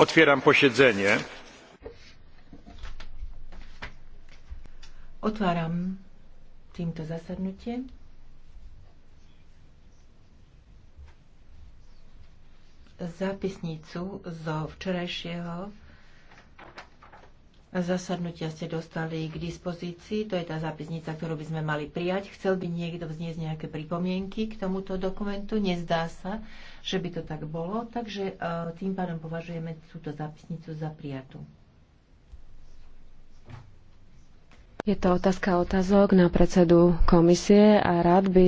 Otwieram posiedzenie. Otváram týmto zasadnutie. Zápisnicu zo včerajšieho Zasadnutia ste dostali k dispozícii, to je tá zápisnica, ktorú by sme mali prijať. Chcel by niekto vzniesť nejaké pripomienky k tomuto dokumentu? Nezdá sa, že by to tak bolo, takže e, tým pádom považujeme túto zápisnicu za prijatú. Je to otázka otázok na predsedu komisie a rád by